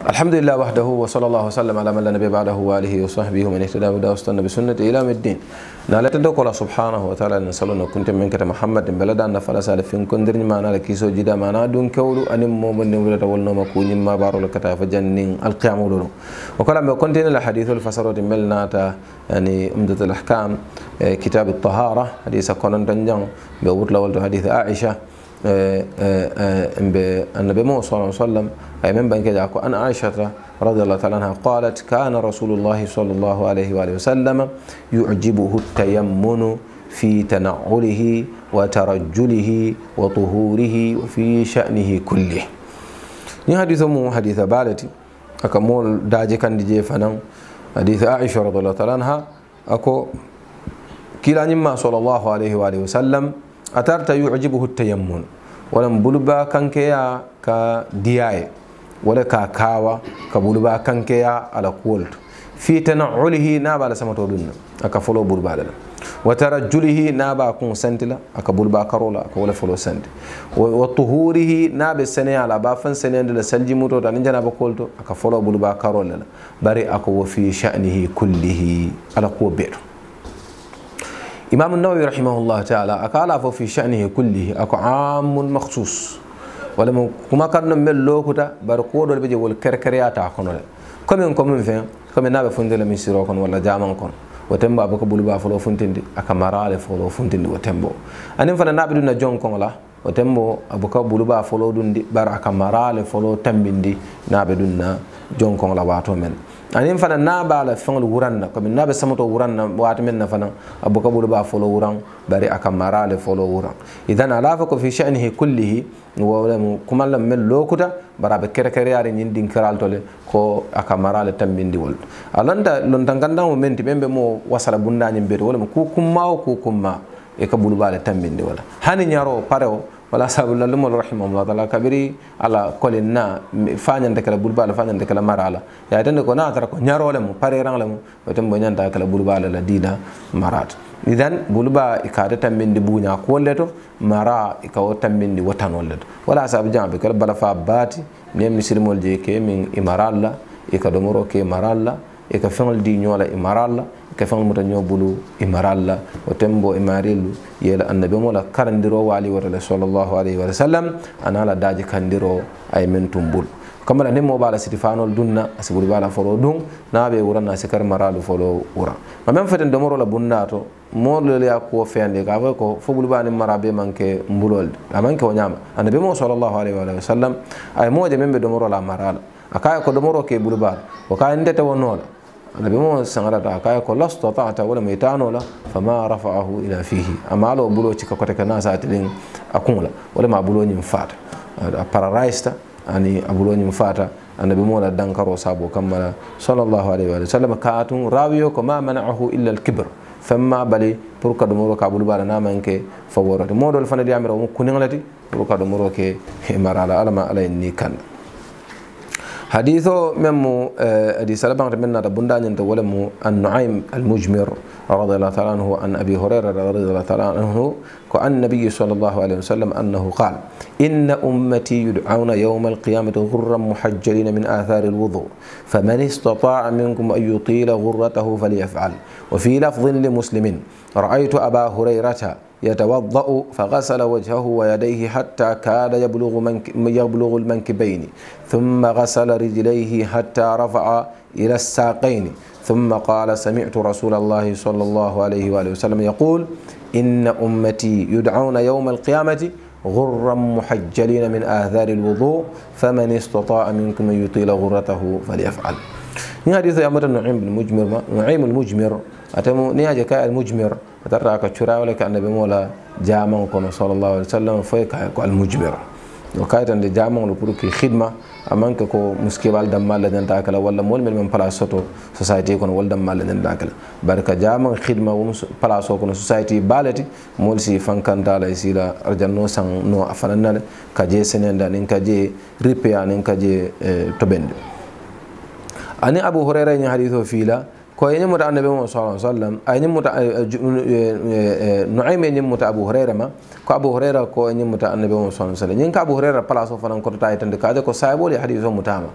الحمد لله وحده وصلى الله وسلم على من لا نبي بعده واله وصحبه ومن اهتدى بهداه واستنى بسنته الى يوم الدين. نالت دوكولا سبحانه وتعالى نسال ان كنت منك محمد بلدا ان فلا سال فين درني ما انا كيسو جدا ما انا دون كولو ان مومن نولد اول نوم كوني ما بارو لك فجنن القيام ولو. ما كنت الحديث الفسرات ملناتا يعني امدة الاحكام كتاب الطهارة حديث كونان تنجان بوت لولد حديث عائشة النبي صلى الله عليه وسلم أي من بنك دعكو أن عائشة رضي الله تعالى عنها قالت كان رسول الله صلى الله عليه وآله وسلم يعجبه التيمن في تنعله وترجله وطهوره وفي شأنه كله ني حديث مو حديث بالتي أكمل داجي كان دي جيفانا نعم. حديث عائشة رضي الله تعالى عنها أكو كلا نما صلى الله عليه وآله وسلم أترت يعجبه التيمن ولم بلبا كان كيا كدياي wala ka kawa ka buluba kankeya ala kuwolto fi tanaulihi naba ala samato ɗum na aka folo burbaɗa la wa tarajjulihi naba kun santi la aka bulba karo la aka wala folo santi wa tuhurihi naɓe seneya la ba fan seneyande la salji mutoto ani janaba kolto aka folo bulba karo la la bari aka wo fi sha'nihi kullihi ala kuwo beeto imamu nawawi rahimahullahu taala aka ala fo fi sha'nihi kullihi ako amun maksus walla mo kumakan no mel bar bare kuwoɗol ɓe je wol kerkereyata kono le commin commin fen commin naɓe funtile mi siro kono walla jaman kono o tembo aba ko ba folo funtindi aka marale folo funtindi wo tembo anin fana naɓe ɗum na jon kon la wo tembo abaka ɓulba folo ɗum di ɓara aka marale folo tambindi naɓe ɗum na jon kon la wato men anin fana na ba la fɛngli wuran na komi na bɛ samutɔ wuran na waati min na fana a boka bolo b'a fɔlɔ wuran bari a ka mara ale fɔlɔ wuran idan ala fɔ ko fi sha'nihi kullihi wawlamu kuma lam mel lokuta bara bɛ kɛrɛkɛrɛya de ñin din kiral tole ko a ka mara ale tan bindi wol alanta lontangandan wo men ti ɓen ɓe mo wasala bundañin beti walamu ku kumma o ku kumma e ka bulu ba ale tan bindi wala hani ñaro pare o walasa abdulalumal rahimahullah taala kabiri ala kole na fañante kala bulba la fañante kala mara la ya tande ko na tara ko ñarole mu parerang le mu wotem bo ñanta kala bulba la dina marat idan bulba ikata tambindi buña kolle to mara ikawo tambindi wotanolle to wala sabu jambe kala bala fa bati ne misirimol je ke min imaralla ika domoro ke maralla ika feŋol di ñola imaralla kefen mutaño bulu imaral la o tembo imarilu yela annabi mola karandiro wali warale sallallahu alayhi wa sallam anala daji kandiro ay men tum bulu kamala ne mobala siti fanol dunna asiburi bala folo dun naɓe wuranna sikar maralu folo wura ma men feten domorola bunnato molol ya kuwo fende ka foy ko fo ɓulbani mara be manke mbulolde a manke o ñama annabi mo sallllahu alayhi wa sallam ay moje men ɓe domorola marala a kaya ko domoro ke ɓulbala o kaya ndete wonnola النبي موسى sangarata kaya ko lasto tata wala mai tano la fama rafa'ahu ila fihi amma alo bulo cika kwata kana sa tilin akun la wala ma bulo nyin fata a pararaista ani a bulo nyin fata annabi mola dan karo sabo kammala sallallahu alaihi wa sallam katun rawiyo ko ma mana'ahu illa al-kibr famma bali pour ka dumuro ka bulu bala naman ke faworati modol fana diamira mo kuninglati pour ka dumuro ke marala alama alay ni kanda حديثه ممو آه، ادي سلبان ربنا ربندان انت ولمو النعيم المجمر رضي الله تعالى عنه أن ابي هريره رضي الله تعالى عنه عن النبي صلى الله عليه وسلم انه قال ان امتي يدعون يوم القيامه غرا محجلين من اثار الوضوء فمن استطاع منكم ان يطيل غرته فليفعل وفي لفظ لمسلم رايت ابا هريره يتوضأ فغسل وجهه ويديه حتى كاد يبلغ, منك يبلغ المنكبين ثم غسل رجليه حتى رفع إلى الساقين ثم قال سمعت رسول الله صلى الله عليه وآله وسلم يقول إن أمتي يدعون يوم القيامة غرا محجلين من آثار الوضوء فمن استطاع منكم أن يطيل غرته فليفعل حديث يا مرة نعيم المجمر نعيم المجمر أتمو نهاية المجمر atara ka curawole ka annabi mola jaman kono sallallahu alaihi wasallam foy ka ko al mujbir o kayitande jamanlo pour que khidma amanke ko muskibal dammalla denta kala walla mol men men place soto society kono wol dammalla denta kala bari ka jaman khidma wom place o kono society balati mol si fankantala e sila arjanno san no afanannale ka je senenda nin ka je rippe anin ka je toɓende ani abou houraira ñi hadis o fiila كويني مر النبي صلى الله عليه وسلم أيني مر نعيم يني مر أبو هريرة ما كأبو هريرة كويني مر النبي صلى الله عليه وسلم ينك أبو هريرة بلا سوف ننكر تايتن دكادة كو حديث حديثه متامة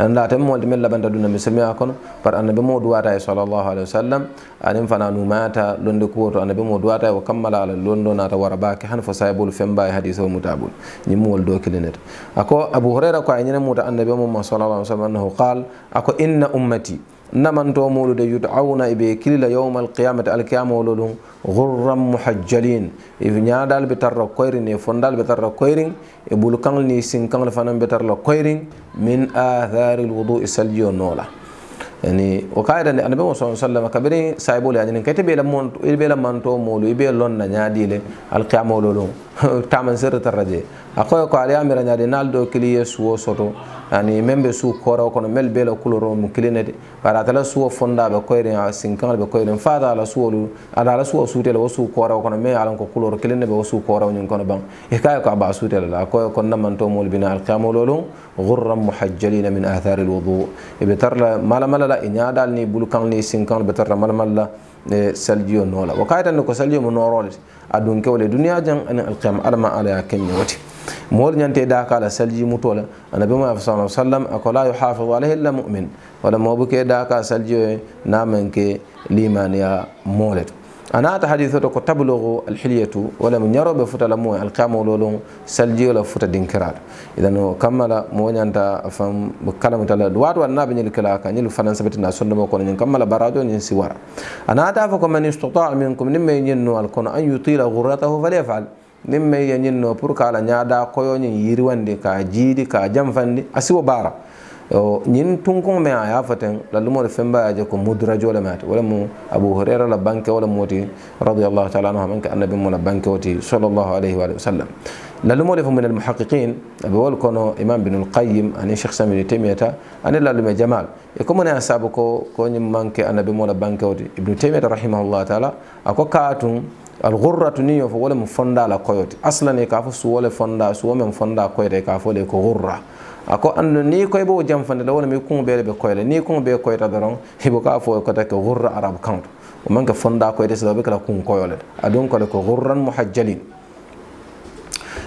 أن لا تم ولد من لبن دون مسلمي أكون بر النبي مو دواتا صلى الله عليه وسلم أن فنا نماتا لند كوتو النبي مو دواتا وكمل على لندن ناتا ورباك هن الفم باي حديث حديثه متابول نمو ولد كلينت أكو أبو هريرة كويني مر النبي صلى الله عليه وسلم أنه قال أكو إن أمتي namanto molude yud'auna ibe kilila yawma alqiyamati alqiyama wolo ɗum gurran muhajjalin ibe ñaadal be tarra koyrin e fondal be tarra koyrin e ɓul kangal ni sin kangal fanan be tarla koyrin min athari lwudui salji o noola yani o kaydani annabi mo sa sallam kabiri sayibole añanin kayte ɓe lamon ɓe lamanto molu ibe lonna ñaadile alqiyama wolo ɗum taman sirre tarra je akoy ko ali amira nyaade naldo kili yesu soto ani membe su koro kono mel bela kuloro mu kilinede bara tala suwo fonda be koyre a sinkan be koyre fada ala suwolu ala ala suwo sute la wasu koro kono me alan ko kuloro kilinne be wasu koro nyin kono ban e kay ko ba sute la akoy ko namman to mol bina al qiyamul lolu ghurran muhajjalin min athar al wudu e be tarla mala mala la inya dal ni bul kan ni saljiyo nola wakatan ko saljiyo mo norole adun kewle duniya jan an alqiyam alma ala ya kenya wati mol nyante da kala salji tola annabi mu afsa sallallahu sallam ako yuhafizu alayhi illa mu'min wala mo buke da ka saljiyo na manke limaniya molet anata haditho to ko tablogo alhiliyatu walla mi ñaroɓe futala mu alkamololon saljiyola futa dinkirata idan o kammala mo wañanta fam kalamutala wato wannaɓe ñel kila ka ñel fanan sabitina sondemo kono ñin kammala barajo ñin si wara anata fo ko man istitaa minkum nin may ñinno alkono an yutila gurratahu faal nin may ya ñinno pour ka ala ñaada koyoñin yirwande ka jiidi ka jamfandi asiwo bara ñin tunkuŋo meŋ a ye a fo teŋ lallumoo le feŋ baa ye je ko mudurajoo le maate wala mu abu hurera la bankewo le moo ti radiallahu taala anhu ameŋ ka annabi mu la bankewo ti salallahu alayhi wa sallam lallumoo le fo min almuhaqiqin abe wol kono imam bin alqayim ani cheikh sam ibnu taymiyata ani lallume jamal e ko mune a saabu ko ko ñiŋ maŋ ke annabi mu la bankewo ti ibnu taymiyata rahimahullah taala a ko kaatuŋ alghurratu ni yofo wole mu fonda la koyoti aslan e ka fo suwole fonda suwome mu fonda koyte ka fo le ko ghurra ako anno ni koy bo jam fande la wala mi kun be be koyle ni kun be koyta doron hibo ka fo ko ta ko ghurra arab kanto o man ka fonda koyte sa be kala kun koyole adon ko le ko ghurran muhajjalin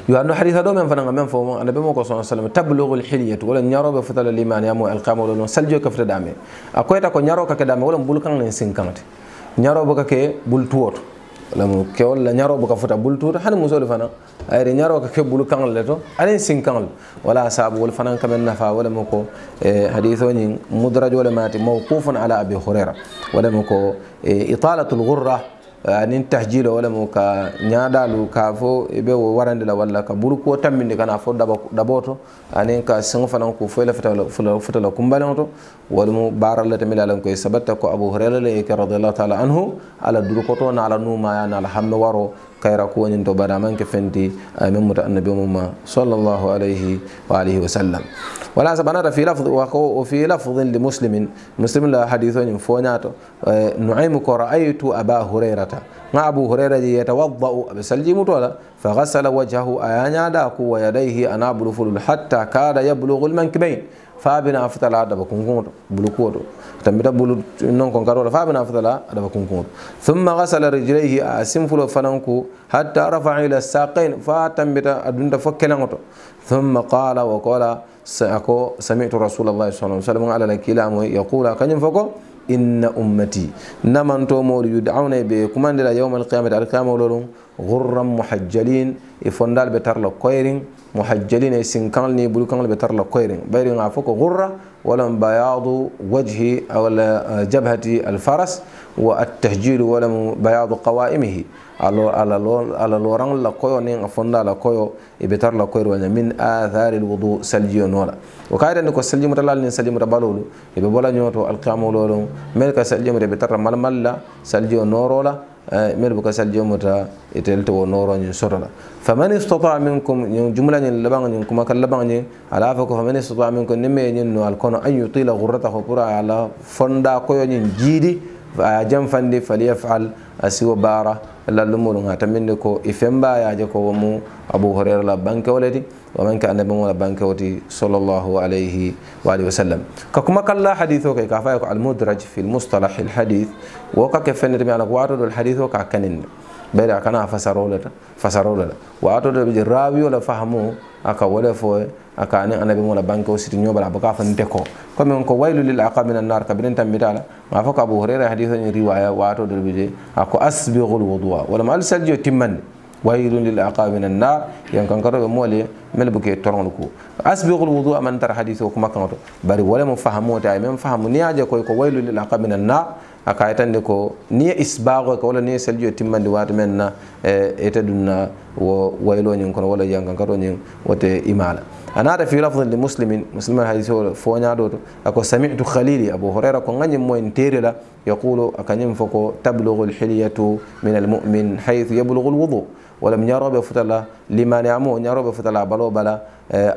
yo anno haditha ɗo men fananga men fomo be mo ko sa sallam tablugu lhilyatu wala ñaroɓe fotala liman yamo alkama wala non saljo ka fotadame a koyta ko ñaro kake dame wala bulkan len sinkante ñaroɓe kake bultuwoto lamu kewol la ñaro buka fota bul tuuta hani musolu fana ayre ñaro ka ke bulu kaŋol le to aniŋ sin kaŋol wala saabu wol fanaŋ kamen nafa wo lemu ko hadiso ñiŋ mudrajo le maati mawqufun ala abi hurayra wo lemu ko italatul gurra anin tahjilo walemu ka ñaɗalu ka fo ɓe wo warande la walla ka ɓuru kuwo tamminde kana fo ɗaɓo to anin ka siŋo fanan ko foyi la futala kumbaleŋo to walemu baaralla tami lalan koye sabatta ko abou hurayra le ke radiallahu taala anhu ala durukoto na ala numaya na ala hamme waro kayra kuwoñin to bara manke fenti ay men muta annabi mumma sallllahu alayhi wa alihi wa sallam wala sabana sabanata fi lafd wa ko fi lafdin li muslimin muslim la hadithoñin foñato nuaimu ko raaytu aba hurairata ga abu huraira ji yatawaddau aɓe saljimutola fa gasala wajhahu ayañaɗa ku wa yadayhi ana bulufulul hatta kada yablugu lmankibain faabina afutala adaba kunkuŋoto bulu kuwoto tambita bulu non konkaroto faabina afutala adaba kunkuŋoto thumma gasala rijlaihi a sinfulo fanaŋ ku hatta rafa'a ila saqain fa tambita adunta fo keleŋoto thumma qala wo kola ako sami'tu rasulallahi sa sallam ala la kilamoy yaqula kañum fo ko inna ummati namantomoɗo yud'auna ɓe kumandira yawma alqiyamati alqiyama lolum غرا محجلين يفندال بتر لا كويرين محجلين سنكان لي بلو كان بتر لا كويرين بيرين عفوك غرة ولم بياض وجه أو آه، جبهة الفرس والتهجير ولم بياض قوائمه على على لوران لا كويو نين فندا لا كويو بتر لا كويرو من آثار الوضوء سلجي ولا وكايدا انك سلجي متلال نين سلجي متبالولو يبي بولا نيوتو القيام لولو ملك سلجي متبتر ململ سلجي نورولا مير بك سال جومتا يتلت ونورا ينصرنا فمن استطاع منكم جملة لبان ينكم كل لبان على فك فمن استطاع منكم نمي ينو الكون أن يطيل غرته برا على فندا كوي جيدي جم فندي فليفعل أسيو بارا لا لمولنا تمنكو إفنبا يا جكو ومو أبو هريرة لبان كولتي ومن كان نبي مولا بانكوتي صلى الله عليه وآله وسلم كما قال الله حديثه كيكافيك المدرج في المصطلح الحديث وكيفين رمي على قواتد الحديث وكاكنين بيدا كان فسرولة فسرولة وعطود بجي رابيو لفهمو أكا ولفو أكا أنا نبي مولا بانكو سيتنيو بلا بقافة نتكو كما ينكو ويلو للعقا من النار كبنين تنبتالا ما فوق أبو هريرة حديثة رواية وعطود بجي أكو أسبغ الوضوء ولم ألسل جو تمن ويلو للعقا من النار ينكو يعني كنكرو mel buke torong ko asbighul wudu man tar hadithu kuma kan to bari wala mun fahamu ta men fahamu ni aje ko ko wailul lil aqab minan nar aka yatan de ko ni isbagho ko wala ni seljo timmandi wat men na eta dunna wo wailo nyin kono wala yangan kato nyin wote imala anata fi lafdhin li muslimin musliman hadithu fo nyado to ako sami'tu khalili abu hurairah ko nganyim mo en terela yaqulu akanyim foko tablughu al hilyatu min al mu'min haythu yablughu al wudu' wala mi ñaroɓe futala limani amo ñaroɓe futala balo bala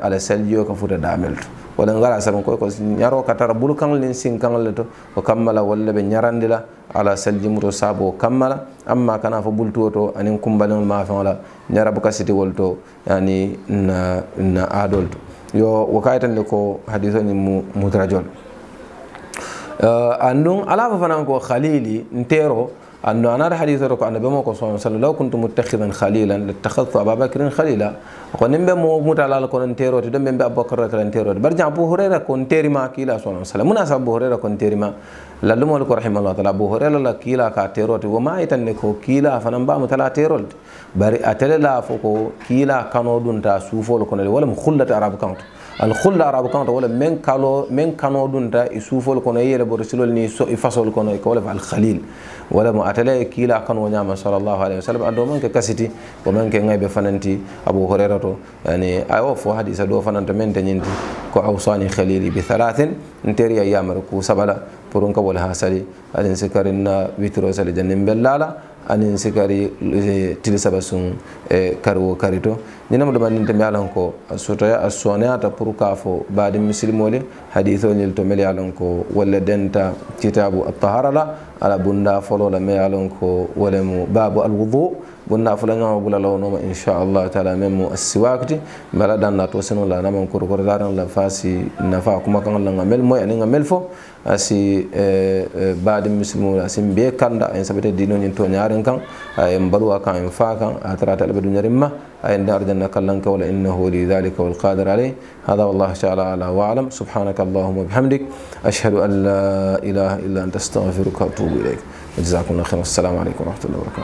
ala seljiyo ka futa damel to wala ngala saban koy ko ñaro ka tara bulu kan len sin kan le to o kammala walla ɓe ñarandila ala selji muto saabo kammala amma kana fo bultuwo to anin kumbalel mafeo la ñarabu kasitiwol to yani na na aadol to yo wo kayitande ko hadis o ñin mutrajol andun ala fo fanan ko khalili ntero أنه أنا حديث رك أن بما صلى الله عليه وسلم لو كنت متخذا خليلا لاتخذت أبا بكر خليلا أقول نبي موت على لكون تيرو تدم نبي أبو بكر تلان تيرو برجع أبو هريرة كون تيري ما كيلا صلى الله عليه وسلم مناسب أبو هريرة كون تيري ما lallumolu ko rahimahullah taala bo horela la kiila ka terote woma yitanne ko kiila fanan mbamu tala terolde bari a telela fo ko kiila kano ɗum ta suufol kono le walla mo hullata arabu kanto al hulla arab kanto walla men kalo men kano ɗum ta e suufol kono e yele boto silol ni so e fasol kono ko walla al khalil walla mo atele kila kano ñama sallllahu alayhi wa sallam ado manke kasiti ko manke gayɓe fananti abou horera to yani awo fo hadisa ɗo fananta men dañinti ko awsani khalili bi halatin n teri a yamara purun ka wal hasali anin sikari na witiro sali jannin bellala anin sikari tili saba sun karwo karito ñinam ɗumanin temi alan ko sotoya a soneyata pour ka fo baadi misilimole haditho ñil to mel yalan ko walla denta kitabu altahara la ala bunda folo la me yalan ko walemu babu alwudu bunda fulanyaŋo bula la wo nooma inchallahu taala meŋ mu a siwaakiti bala daŋ nato seno la namaŋ korokorotaaraŋ la faa si nafa kumakaŋo la ŋa mel moyi aniŋ ŋa mel fo a si baadiŋ misilimo la a si n bee kanda a ye sabite diino ñiŋ toñaariŋ kaŋ a ye n baluwa kaŋ a ye n faa kaŋ a tarata alabe duñariŋ ma a ye n de arjanna kallaŋ ke wala innahu li dalika walqadir alayh hada wallahu taala ala wa alam subhanaka allahuma bihamdik ashhadu an la ilaha illa anta astaghfiruka wa atubu ilayk وجزاكم الله خيرا والسلام عليكم ورحمه الله وبركاته